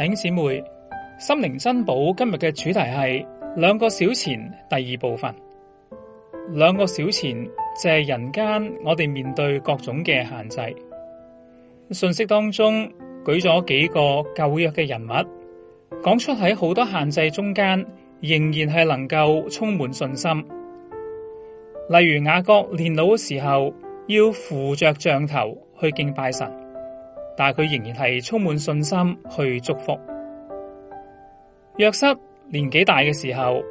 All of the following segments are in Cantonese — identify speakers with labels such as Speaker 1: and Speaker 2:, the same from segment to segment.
Speaker 1: 弟兄姊妹，心靈珍寶今日嘅主題係兩個小錢第二部分。兩個小錢，借人間，我哋面對各種嘅限制。信息當中舉咗幾個舊約嘅人物，講出喺好多限制中間，仍然係能夠充滿信心。例如雅各年老嘅時候，要扶着杖頭去敬拜神。但佢仍然係充滿信心去祝福。約瑟年紀大嘅時候，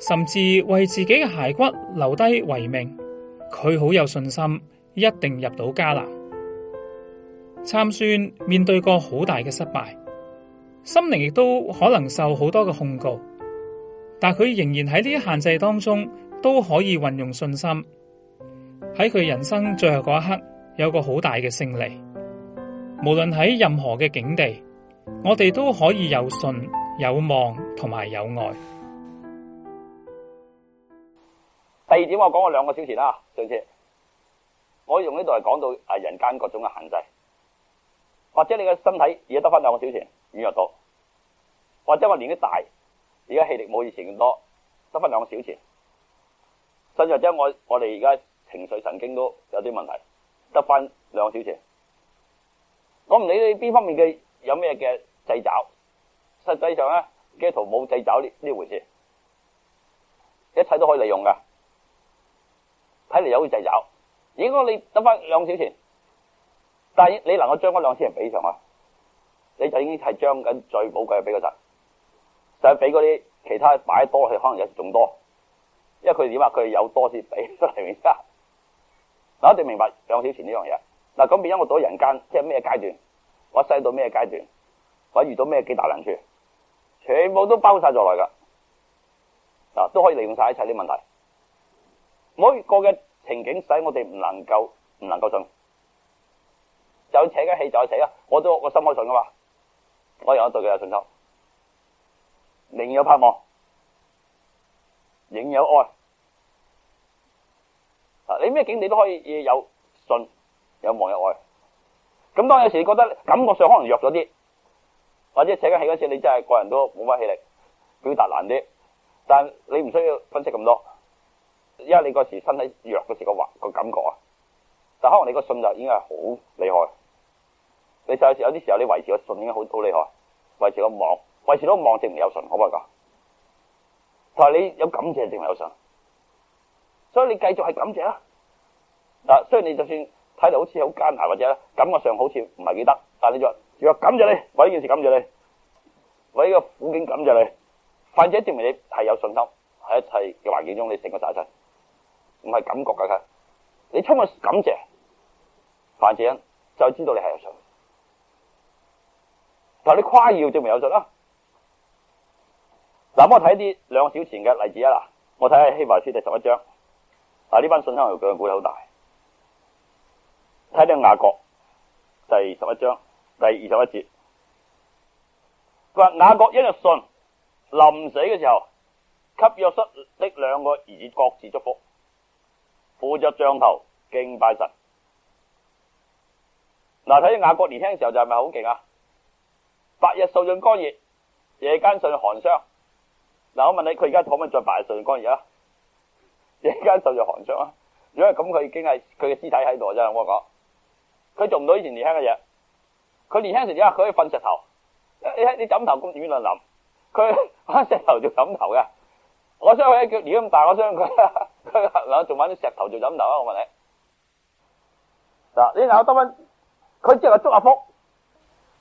Speaker 1: 甚至為自己嘅骸骨留低遺命，佢好有信心，一定入到迦南。參孫面對過好大嘅失敗，心靈亦都可能受好多嘅控告，但佢仍然喺呢啲限制當中都可以運用信心。喺佢人生最後嗰一刻，有個好大嘅勝利。無論喺任何嘅境地，我哋都可以有信、有望同埋有愛。
Speaker 2: 第二點，我講過兩個小錢啦，上次我用呢度嚟講到啊人間各種嘅限制，或者你嘅身體而家得翻兩個小錢軟弱度，或者我年紀大而家氣力冇以前咁多，得翻兩個小錢，甚至或者我我哋而家情緒神經都有啲問題，得翻兩個小錢。我唔理你邊方面嘅有咩嘅掣肘，實際上咧，基督徒冇掣肘呢呢回事，一切都可以利用噶睇嚟有啲掣肘，如果你得翻兩小錢，但係你能夠將嗰兩小錢俾上去，你就已經係將緊最寶貴嘅俾佢實，就係俾嗰啲其他擺得多去，可能有時仲多，因為佢點啊？佢有多先俾，明白唔明白？我哋明白兩小錢呢樣嘢。嗱咁，變咗我到人間，即係咩階段？我細到咩階段？我遇到咩幾大難處，全部都包晒咗嚟噶。啊，都可以利用晒一切啲問題，每一個嘅情景使我哋唔能夠唔能夠信，就扯嘅氣就係死咯。我都我心我信噶嘛，我有我對佢有信心，仍有盼望，仍有愛。啊，你咩景你都可以有信。有望有愛，咁當有時你覺得感覺上可能弱咗啲，或者寫緊氣嗰陣時，你真係個人都冇乜氣力，表達難啲。但你唔需要分析咁多，因為你嗰時身體弱嗰時個話個感覺啊，但可能你個信就已經係好厲害。你就有時有啲時候，你維持個信應該好好厲害，維持個望，維持到望定唔有信，好唔好？講？但係你有感謝定唔有信，所以你繼續係感謝啦。嗱，所以你就算。睇嚟好似好艱難，或者感覺上好似唔係幾得，但係你話，你話感謝你，為呢件事感謝你，為呢個苦境感謝你，患者證明你係有信心喺一切嘅環境中你，你成個大一唔係感覺噶佢，你充滿感謝，范者就知道你係有信心，係你誇耀證明有信啦。嗱，我睇啲啲兩個小錢嘅例子啦，我睇下希伯來書第十一章，啊呢班信心強嘅股好大。睇《啲雅各》，第十一章第二十一節，佢話雅各一日信，臨死嘅時候，給約瑟的兩個兒子各自祝福，扶着杖頭敬拜神。嗱，睇《啲雅各》年輕嘅時候就係咪好勁啊？白日受盡乾熱，夜間受盡寒傷。嗱，我問你，佢而家可唔可以再白日受盡乾熱啊？夜間受住寒傷啊？如果係咁，佢已經係佢嘅屍體喺度啫，我講。佢做唔到以前年輕嘅嘢。佢年輕時啊，佢瞓石頭，你,你枕頭咁軟諗。佢石頭做枕頭嘅，我佢一腳果咁大，我雙佢。佢仲揾啲石頭做枕頭啊？我問你嗱，你諗多番，佢只係祝福，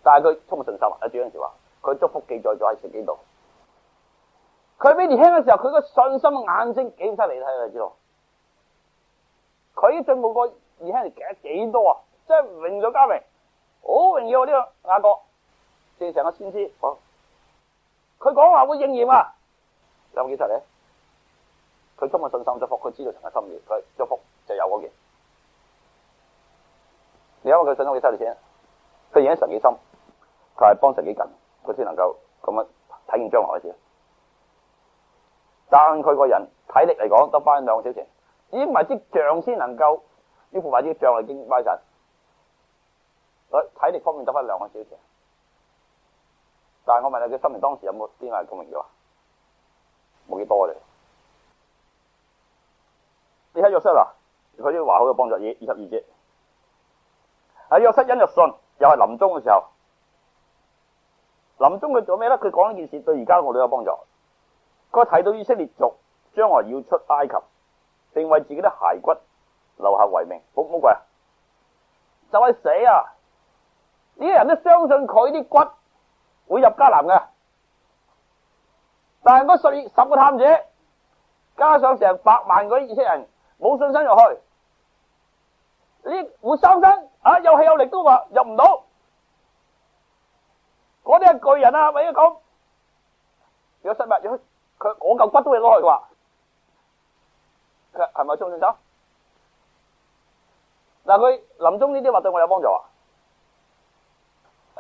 Speaker 2: 但係佢充滿信心啊！主嗰陣時話，佢祝福記載咗喺石經度。佢俾年輕嘅時候，佢個信心眼睛幾出嚟睇你知道佢進步過年輕人幾多啊？即係榮咗嘉榮，好榮耀呢、這個阿哥，正成個先知好佢講話會應驗啊！有幾犀利？佢充滿信心祝福，佢知道神嘅心意，佢祝福就有嗰件。你睇下佢信心幾犀利先？佢認得神幾深，佢係幫神幾近，佢先能夠咁樣睇見將來先。但佢個人體力嚟講得翻兩個小時，唔係啲象先能夠要負埋啲象嚟敬拜神。呢方面得翻兩個小時，但係我問你，佢心靈當時有冇啲咩共鳴嘅話？冇幾多嘅。你睇約瑟嗱，佢啲話好有幫助嘅，二十二節喺約瑟因著信，又係臨終嘅時候，臨終佢做咩咧？佢講一件事，對而家我都有幫助。佢睇到以色列族將來要出埃及，並為自己啲骸骨留下遺命，好乜好？貴啊？就係、是、死啊！呢啲人都相信佢啲骨會入迦南嘅，但係嗰十十個探者加上成百萬嗰啲以色列人冇信心入去，呢啲活生生啊有氣有力都話入唔到，嗰啲係巨人啊，咪咁如果失敗，如果佢我嚿骨都要攞去嘅話，佢係咪做唔清楚？嗱，佢臨終呢啲話對我有幫助啊？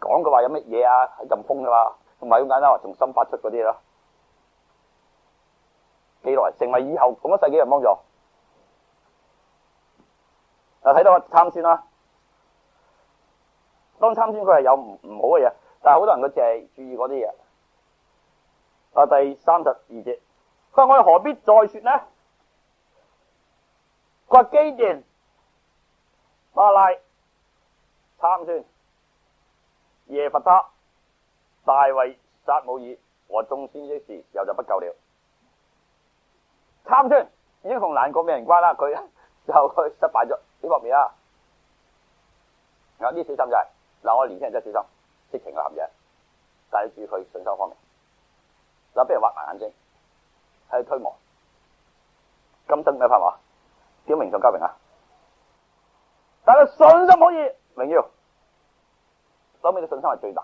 Speaker 2: 講嘅話有乜嘢啊？喺任風噶嘛，同埋咁簡單話重新發出嗰啲咯，記落嚟成為以後咁多世紀嘅幫助。啊，睇到參孫啦，當參孫佢係有唔唔好嘅嘢，但係好多人佢淨係注意嗰啲嘢。啊，第三十二節，但係我哋何必再說呢？掘基甸、巴拉、參孫。耶弗他、大衛、撒母耳和眾先知的事，又就不夠了，參孫英雄難過美人關啦，佢就佢失敗咗呢方面啊。啊，呢小心就係、是、嗱、啊，我年輕人真係小心激情嘅男嘢，介住佢信心方面。嗱、啊，俾人挖埋眼睛，喺度推磨，金燈嘅法嘛？小名上交名啊！但係信心可以，啊、明耀。老尾嘅信心係最大，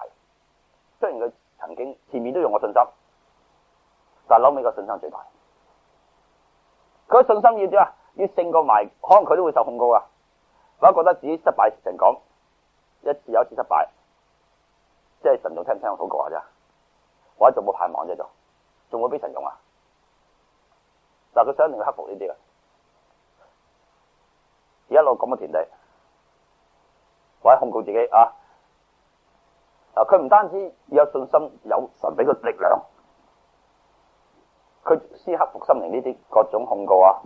Speaker 2: 雖然佢曾經前面都用過信心，但係老尾嘅信心最大。佢信心要點啊？要勝過埋，可能佢都會受控告呀。或者覺得自己失敗成講，一次又一次失敗，即係神勇聽唔聽我控告呀？啫，或者做冇盼望啫，做，仲會俾神勇啊？但係佢想令佢克服呢啲呀，一路咁嘅田地，或者控告自己啊。啊！佢唔單止要有信心，有神俾佢力量，佢先克服心靈呢啲各種控告啊、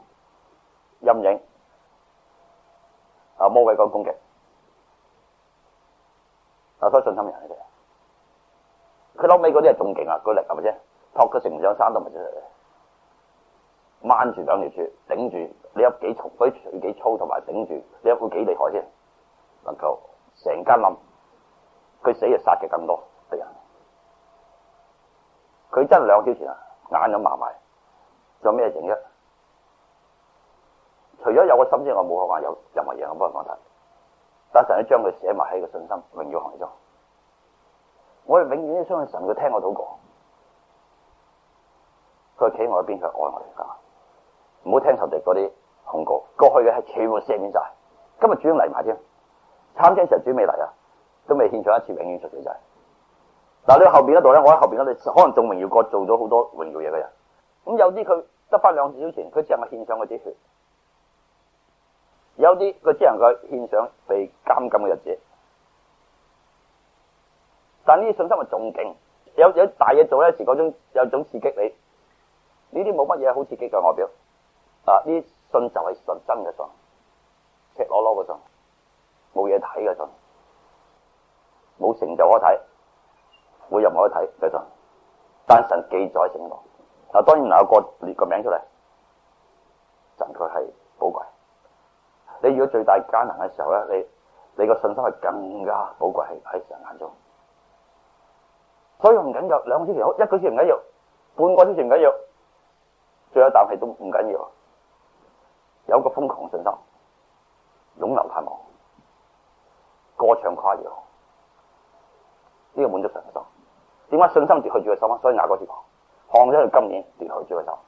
Speaker 2: 陰影啊、魔鬼嗰攻擊。啊，所以信心人喺度。佢攞尾嗰啲係仲勁啊，個力係咪先？托個成兩山都唔出嚟，彎住兩條柱，頂住你有幾重，幾幾粗，同埋頂住你有幾厲害先，能夠成間冧。佢死就殺嘅更多敵人，佢真係兩朝前啊，眼都麻埋，仲有咩剩啫？除咗有個心之外，我冇可能有任何嘢，我幫人講真，但神要將佢寫埋喺個信心永耀行中，我哋永遠相信神，佢聽我禱告，佢企我一邊，佢愛我而家，唔好聽仇敵嗰啲控告，過去嘅係全部赦免晒，今日主要嚟埋啫，參天神主未嚟啊！都未獻上一次，永遠出死仔。嗱，你後邊嗰度咧，我喺後邊嗰度，可能仲榮耀過，做咗好多榮耀嘢嘅人。咁有啲佢得翻兩小錢，佢只能夠獻上嗰啲血；有啲佢只能夠獻上被監禁嘅日子。但呢啲信心係仲勁，有有大嘢做咧，時嗰種有種刺激你。呢啲冇乜嘢好刺激嘅外表，啊！呢信就係純真嘅信，赤裸裸嘅信，冇嘢睇嘅信。冇成就可睇，冇任何可睇，係咪先？但神記載成我，啊，當然有，那個列個名出嚟，但佢係寶貴。你如果最大艱難嘅時候咧，你你個信心係更加寶貴，喺係神眼中。所以唔緊要，兩個小錢，一個小錢唔緊要，半個小錢唔緊要，最後一啖氣都唔緊要。有個瘋狂信心，擁留太忙，歌唱誇越。呢個滿足神嘅心，點解信心跌去住佢手，所以雅各就講，看咗佢今年跌去住佢手，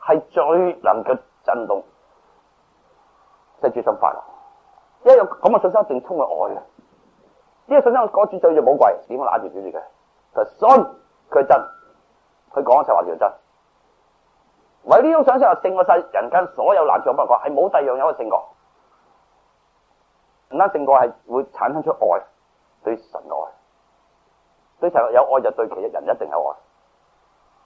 Speaker 2: 係最能夠震動，真係主心快樂。因為咁嘅信心正充滿愛的。嘅，呢個信心講住就冇貴，點解拿住主住嘅？佢信，佢真，佢講一齊話就真。唯呢種信心係勝過世，人間所有難處，我唔講，係冇第二樣嘢勝過，唔單勝過係會產生出愛，對神的愛。對有愛，就對其他人一定有愛。